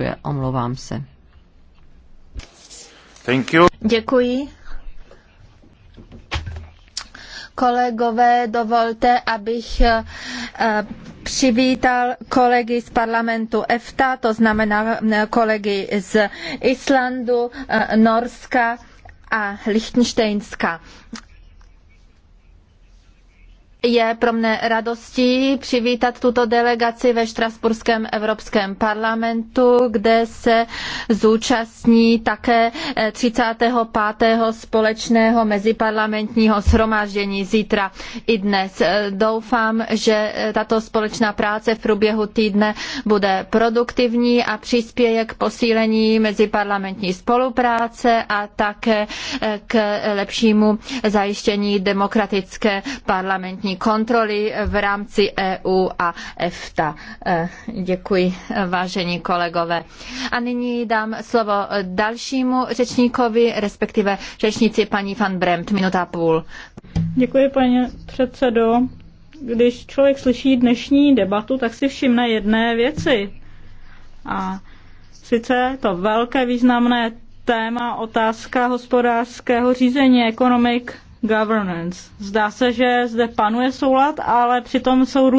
pokračuje. Omlouvám se. Thank you. Děkuji. Kolegové, dovolte, abych eh, přivítal kolegy z parlamentu EFTA, to znamená eh, kolegy z Islandu, eh, Norska a Lichtensteinska je pro mne radostí přivítat tuto delegaci ve Štrasburském Evropském parlamentu, kde se zúčastní také 35. Eh, společného meziparlamentního shromáždění zítra i dnes. Eh, doufám, že eh, tato společná práce v průběhu týdne bude produktivní a přispěje k posílení meziparlamentní spolupráce a také k lepšímu zajištění demokratické parlamentní vnitřní kontroly v rámci EU a EFTA. E, děkuji, vážení kolegové. A nyní dám slovo dalšímu řečníkovi, respektive řečnici paní van Bremt, minuta půl. Děkuji, paní předsedo. Když člověk slyší dnešní debatu, tak si všimne jedné věci. A sice to velké významné téma otázka hospodářského řízení ekonomik governance. Zdá se, že zde panuje soulad, ale přitom jsou